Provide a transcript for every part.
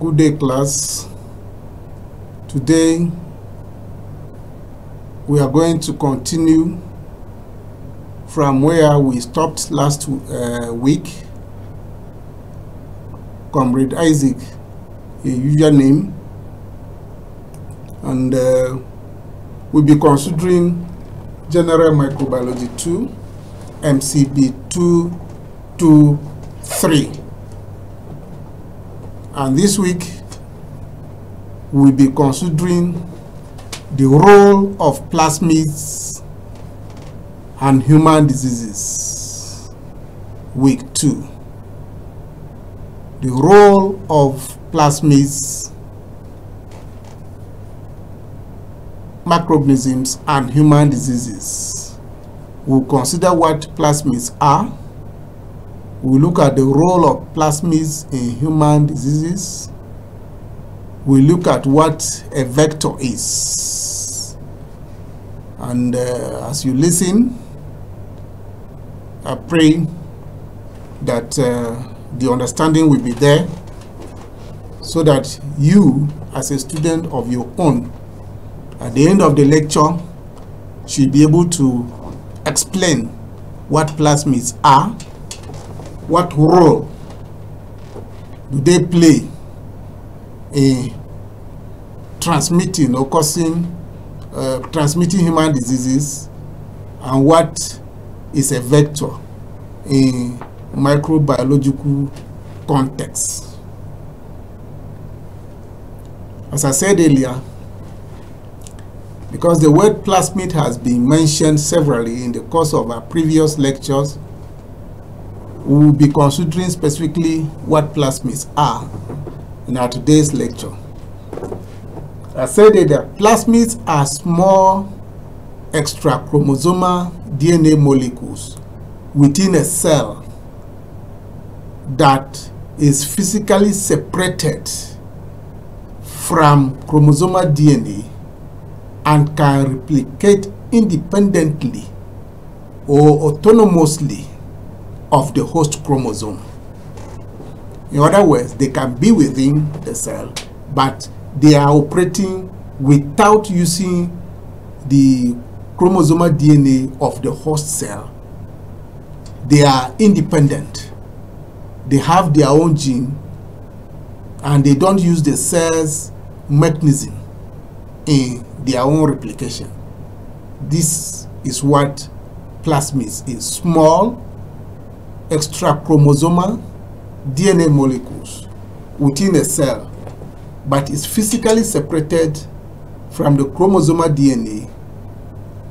good day class today we are going to continue from where we stopped last uh, week comrade isaac a username and uh, we'll be considering general microbiology 2 mcb two, two, three. And this week, we'll be considering the role of plasmids and human diseases. Week 2. The role of plasmids, microorganisms, and human diseases. We'll consider what plasmids are, we look at the role of plasmids in human diseases. We look at what a vector is. And uh, as you listen, I pray that uh, the understanding will be there so that you as a student of your own at the end of the lecture should be able to explain what plasmids are what role do they play in transmitting or causing uh, transmitting human diseases and what is a vector in microbiological context. As I said earlier, because the word plasmid has been mentioned severally in the course of our previous lectures we will be considering specifically what plasmids are in our today's lecture. I said that the plasmids are small extrachromosomal DNA molecules within a cell that is physically separated from chromosomal DNA and can replicate independently or autonomously of the host chromosome. In other words, they can be within the cell, but they are operating without using the chromosomal DNA of the host cell. They are independent. They have their own gene and they don't use the cell's mechanism in their own replication. This is what plasmids is small extrachromosomal DNA molecules within a cell but is physically separated from the chromosomal DNA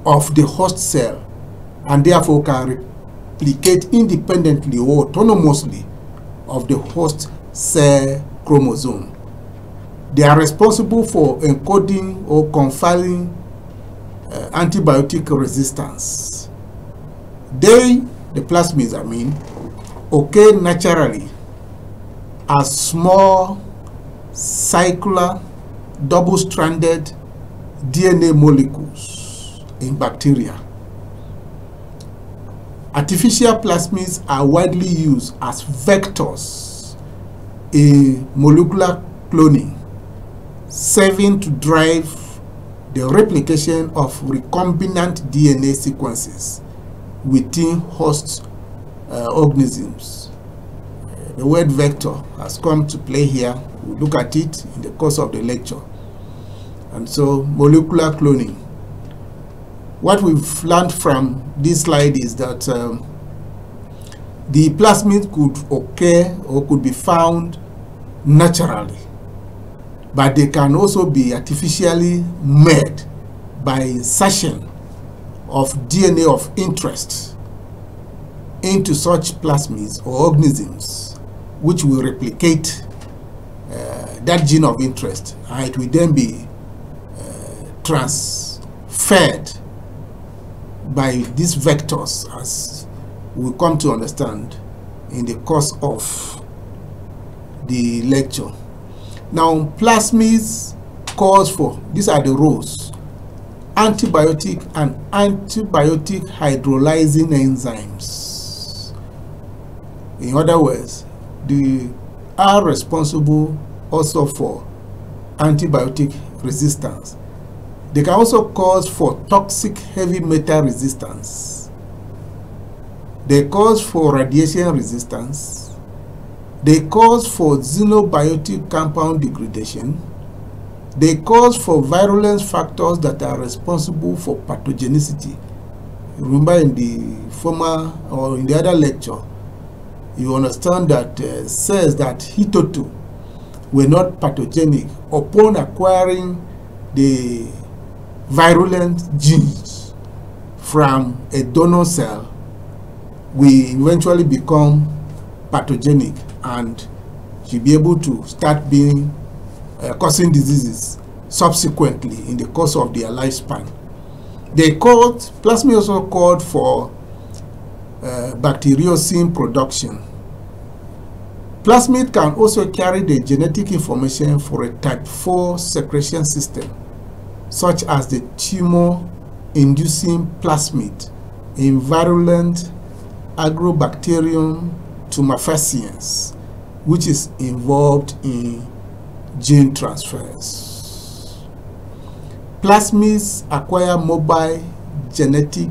of the host cell and therefore can replicate independently or autonomously of the host cell chromosome. They are responsible for encoding or conferring uh, antibiotic resistance. They the plasmids I mean, occur naturally as small circular double-stranded DNA molecules in bacteria. Artificial plasmids are widely used as vectors in molecular cloning, serving to drive the replication of recombinant DNA sequences within host uh, organisms. the word vector has come to play here. We'll look at it in the course of the lecture. And so molecular cloning. What we've learned from this slide is that um, the plasmid could occur or could be found naturally but they can also be artificially made by insertion of DNA of interest into such plasmids or organisms which will replicate uh, that gene of interest and it will then be uh, transferred by these vectors as we come to understand in the course of the lecture. Now plasmids calls for, these are the rules antibiotic and antibiotic hydrolyzing enzymes. In other words, they are responsible also for antibiotic resistance. They can also cause for toxic heavy metal resistance. They cause for radiation resistance. They cause for xenobiotic compound degradation they cause for virulence factors that are responsible for pathogenicity. Remember in the former or in the other lecture, you understand that uh, cells that hitherto were not pathogenic upon acquiring the virulent genes from a donor cell we eventually become pathogenic and should be able to start being uh, causing diseases subsequently in the course of their lifespan. They called, plasmids also called for uh, bacteriocin production. Plasmid can also carry the genetic information for a type 4 secretion system, such as the tumor-inducing plasmid in virulent Agrobacterium tumefaciens, which is involved in gene transfers. Plasmids acquire mobile genetic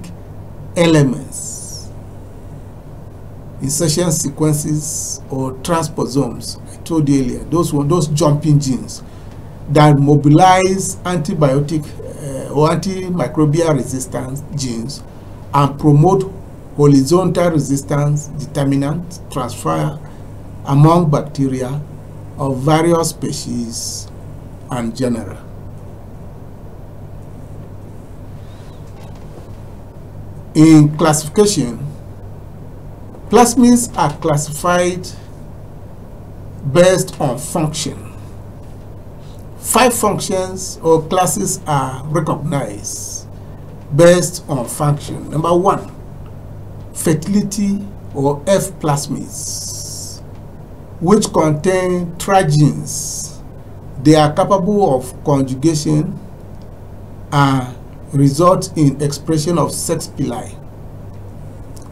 elements, insertion sequences or transposomes, I told you earlier, those, those jumping genes that mobilize antibiotic uh, or antimicrobial resistance genes and promote horizontal resistance determinant transfer among bacteria of various species and genera. In classification, plasmids are classified based on function. Five functions or classes are recognized based on function. Number one, fertility or F plasmids. which contain trigenes. They are capable of conjugation and result in expression of sex pili.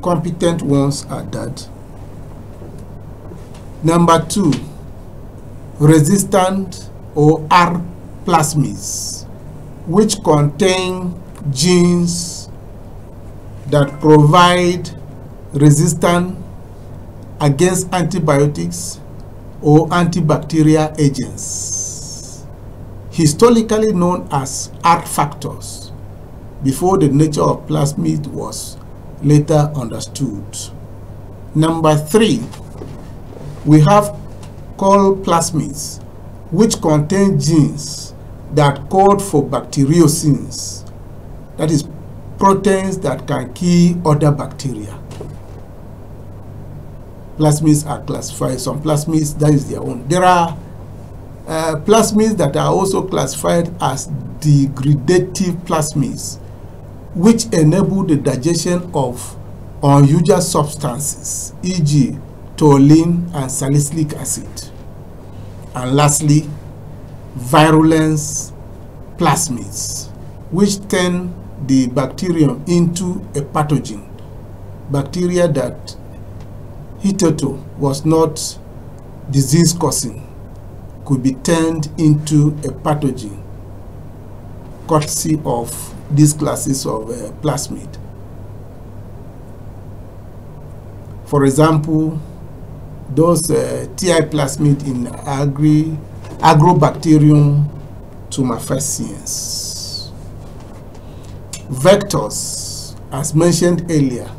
Competent ones are that. Number two, resistant or R plasmids, which contain genes that provide resistance against antibiotics or antibacterial agents, historically known as R factors, before the nature of plasmid was later understood. Number three, we have called plasmids, which contain genes that code for bacteriocins, that is, proteins that can kill other bacteria plasmids are classified. Some plasmids, that is their own. There are uh, plasmids that are also classified as degradative plasmids, which enable the digestion of unusual substances, e.g. toluene and salicylic acid. And lastly, virulence plasmids, which turn the bacterium into a pathogen, bacteria that hitherto was not disease-causing could be turned into a pathogen courtesy of these classes of uh, plasmid. For example, those uh, TI plasmid in agri Agrobacterium tumefaciens. Vectors, as mentioned earlier,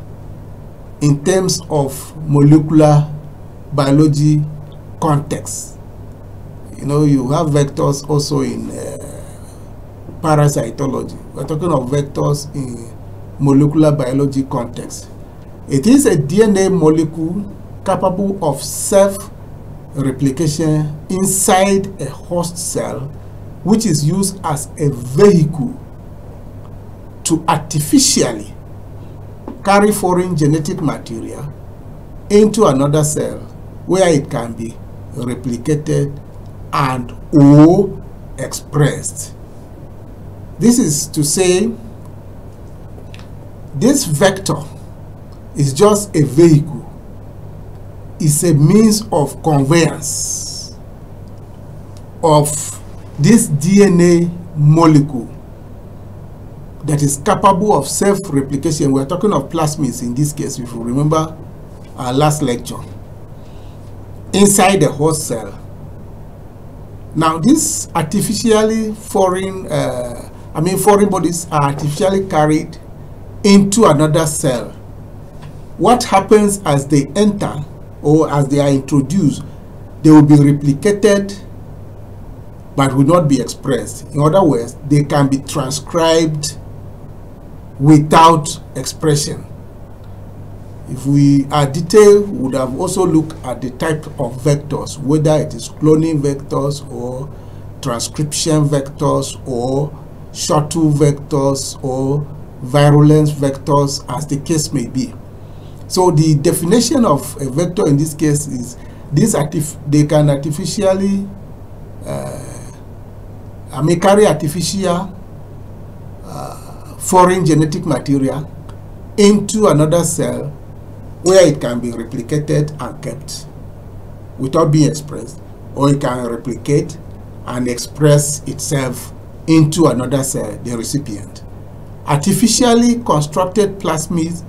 in terms of molecular biology context. You know, you have vectors also in uh, parasitology. We're talking of vectors in molecular biology context. It is a DNA molecule capable of self-replication inside a host cell, which is used as a vehicle to artificially carry foreign genetic material into another cell where it can be replicated and or expressed. This is to say this vector is just a vehicle. It's a means of conveyance of this DNA molecule that is capable of self-replication. We're talking of plasmids in this case, if you remember our last lecture. Inside the host cell. Now, these artificially foreign, uh, I mean foreign bodies are artificially carried into another cell. What happens as they enter or as they are introduced, they will be replicated but will not be expressed. In other words, they can be transcribed without expression. If we are detailed, we would have also looked at the type of vectors, whether it is cloning vectors or transcription vectors or shuttle vectors or virulence vectors as the case may be. So the definition of a vector in this case is these they can artificially uh, I carry artificial foreign genetic material into another cell where it can be replicated and kept without being expressed or it can replicate and express itself into another cell, the recipient. Artificially constructed plasmids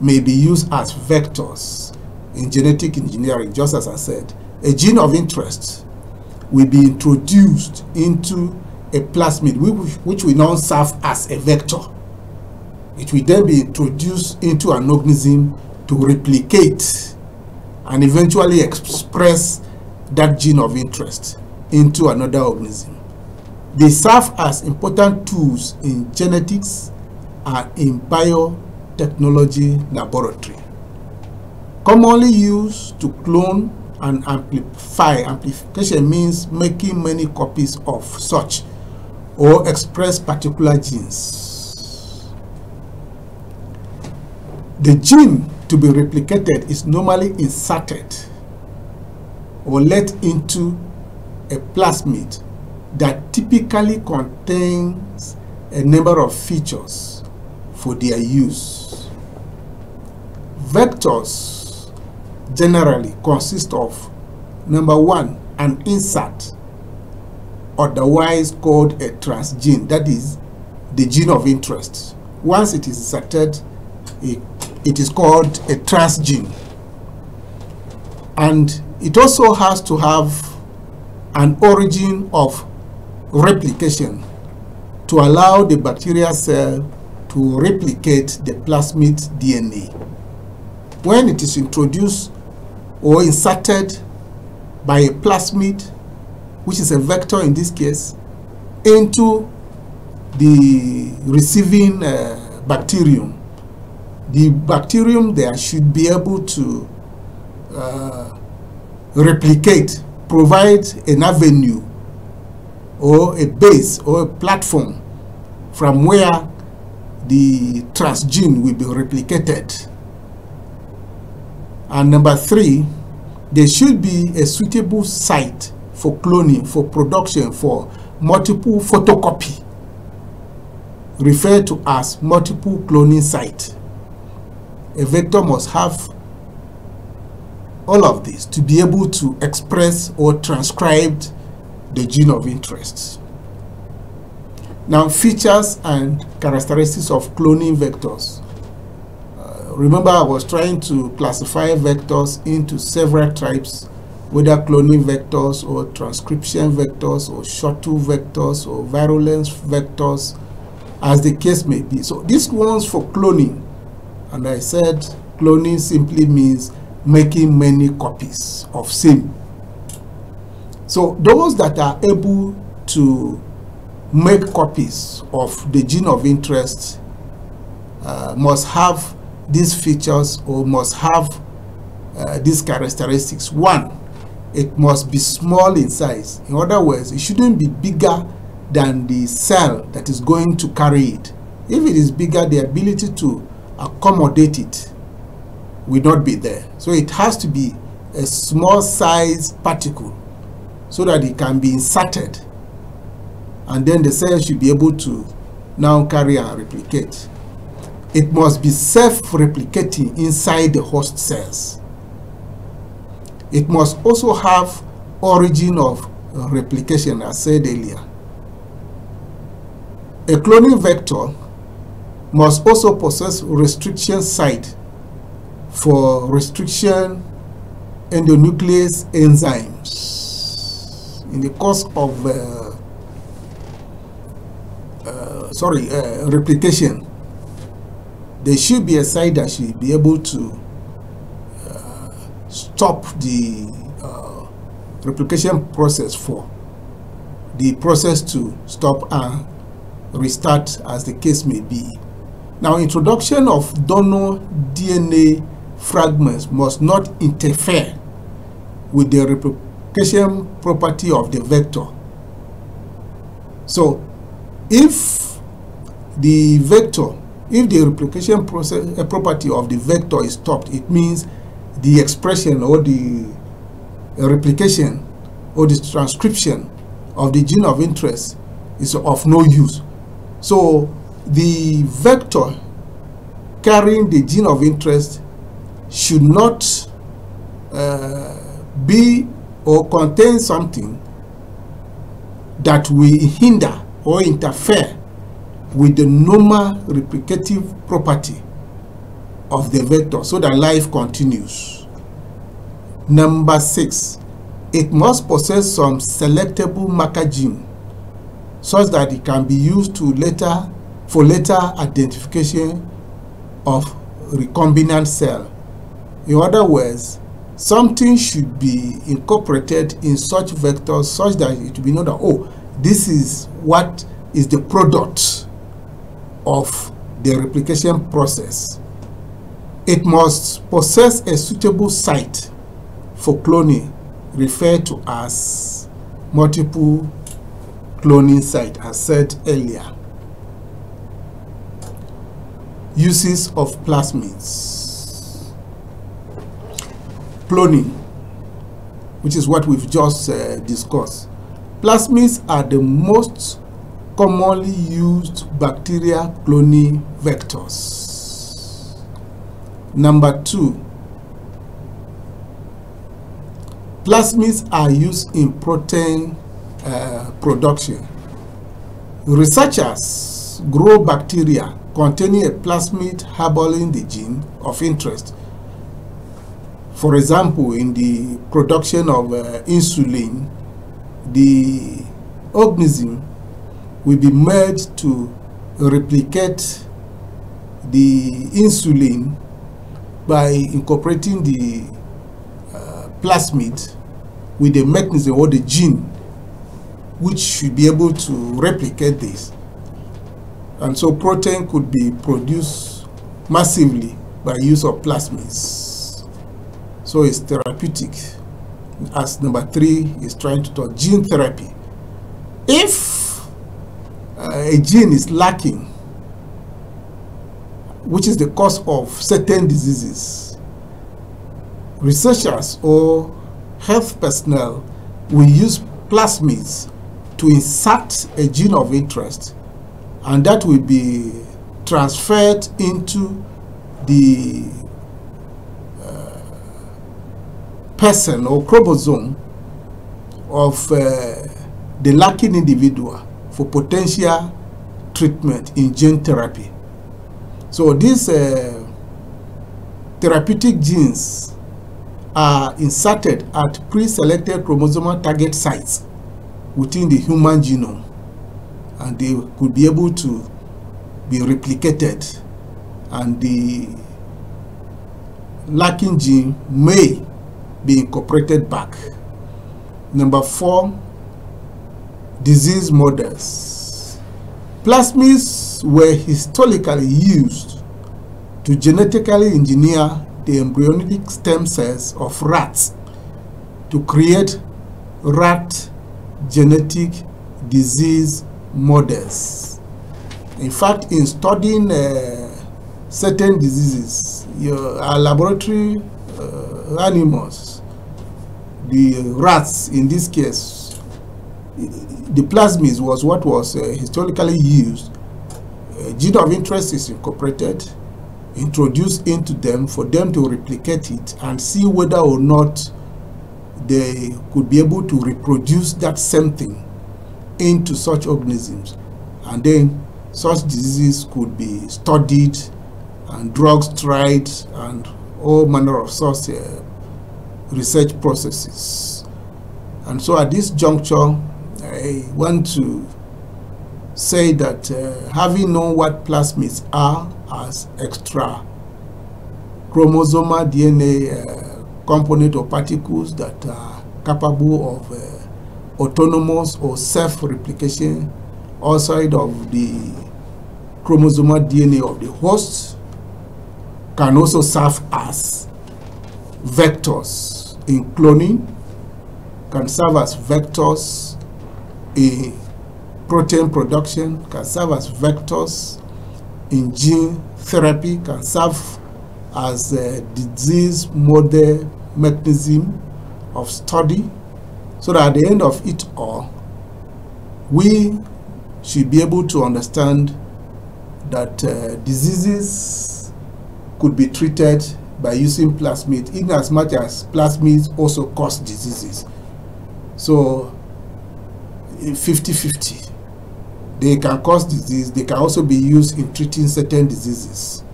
may be used as vectors in genetic engineering, just as I said. A gene of interest will be introduced into a plasmid, which, which will now serve as a vector it will then be introduced into an organism to replicate and eventually express that gene of interest into another organism. They serve as important tools in genetics and in biotechnology laboratory. Commonly used to clone and amplify. Amplification means making many copies of such or express particular genes. The gene to be replicated is normally inserted or let into a plasmid that typically contains a number of features for their use. Vectors generally consist of number one, an insert, otherwise called a transgene, that is the gene of interest. Once it is inserted, it it is called a transgene. And it also has to have an origin of replication to allow the bacterial cell to replicate the plasmid DNA. When it is introduced or inserted by a plasmid, which is a vector in this case, into the receiving uh, bacterium, the bacterium there should be able to uh, replicate, provide an avenue or a base or a platform from where the transgene will be replicated. And number three, there should be a suitable site for cloning, for production, for multiple photocopy, referred to as multiple cloning site a vector must have all of this to be able to express or transcribe the gene of interest. Now features and characteristics of cloning vectors. Uh, remember I was trying to classify vectors into several types whether cloning vectors or transcription vectors or shuttle vectors or virulence vectors as the case may be. So these ones for cloning and I said cloning simply means making many copies of same. So those that are able to make copies of the gene of interest uh, must have these features or must have uh, these characteristics. One, it must be small in size. In other words, it shouldn't be bigger than the cell that is going to carry it. If it is bigger, the ability to accommodate it will not be there. So it has to be a small size particle so that it can be inserted and then the cell should be able to now carry and replicate. It must be self-replicating inside the host cells. It must also have origin of replication as said earlier. A cloning vector must also possess restriction site for restriction endonuclease enzymes in the course of uh, uh, sorry uh, replication there should be a site that should be able to uh, stop the uh, replication process for the process to stop and restart as the case may be now, introduction of donor DNA fragments must not interfere with the replication property of the vector. So, if the vector, if the replication process, a eh, property of the vector is stopped, it means the expression or the replication or the transcription of the gene of interest is of no use. So the vector carrying the gene of interest should not uh, be or contain something that will hinder or interfere with the normal replicative property of the vector so that life continues. Number six, it must possess some selectable marker gene such that it can be used to later for later identification of recombinant cell. In other words, something should be incorporated in such vectors such that it will be known that, oh, this is what is the product of the replication process. It must possess a suitable site for cloning, referred to as multiple cloning site, as said earlier. Uses of plasmids. Cloning, which is what we've just uh, discussed. Plasmids are the most commonly used bacteria cloning vectors. Number two, plasmids are used in protein uh, production. Researchers grow bacteria containing a plasmid harboring the gene of interest. For example, in the production of uh, insulin, the organism will be made to replicate the insulin by incorporating the uh, plasmid with the mechanism or the gene which should be able to replicate this. And so protein could be produced massively by use of plasmids. So it's therapeutic. As number three is trying to talk gene therapy. If uh, a gene is lacking, which is the cause of certain diseases, researchers or health personnel will use plasmids to insert a gene of interest and that will be transferred into the uh, person or chromosome of uh, the lacking individual for potential treatment in gene therapy. So these uh, therapeutic genes are inserted at pre-selected chromosomal target sites within the human genome and they could be able to be replicated and the lacking gene may be incorporated back. Number four, disease models. Plasmids were historically used to genetically engineer the embryonic stem cells of rats to create rat genetic disease models. In fact, in studying uh, certain diseases, your our laboratory uh, animals, the rats in this case, the plasmids was what was uh, historically used. A gene of interest is incorporated, introduced into them for them to replicate it and see whether or not they could be able to reproduce that same thing into such organisms and then such diseases could be studied and drugs tried and all manner of such uh, research processes. And so at this juncture, I want to say that uh, having known what plasmids are as extra chromosomal DNA uh, component or particles that are capable of uh, autonomous or self-replication outside of the chromosomal DNA of the host can also serve as vectors in cloning, can serve as vectors in protein production, can serve as vectors in gene therapy, can serve as a disease model mechanism of study so that at the end of it all, we should be able to understand that uh, diseases could be treated by using plasmids in as much as plasmids also cause diseases. So 50-50, they can cause disease, they can also be used in treating certain diseases.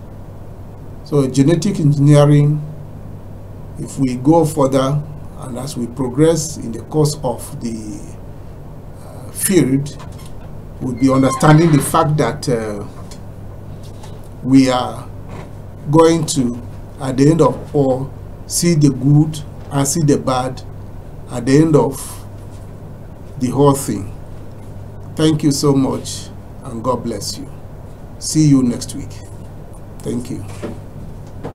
So genetic engineering, if we go further, and as we progress in the course of the uh, field, we'll be understanding the fact that uh, we are going to, at the end of all, see the good and see the bad at the end of the whole thing. Thank you so much and God bless you. See you next week. Thank you.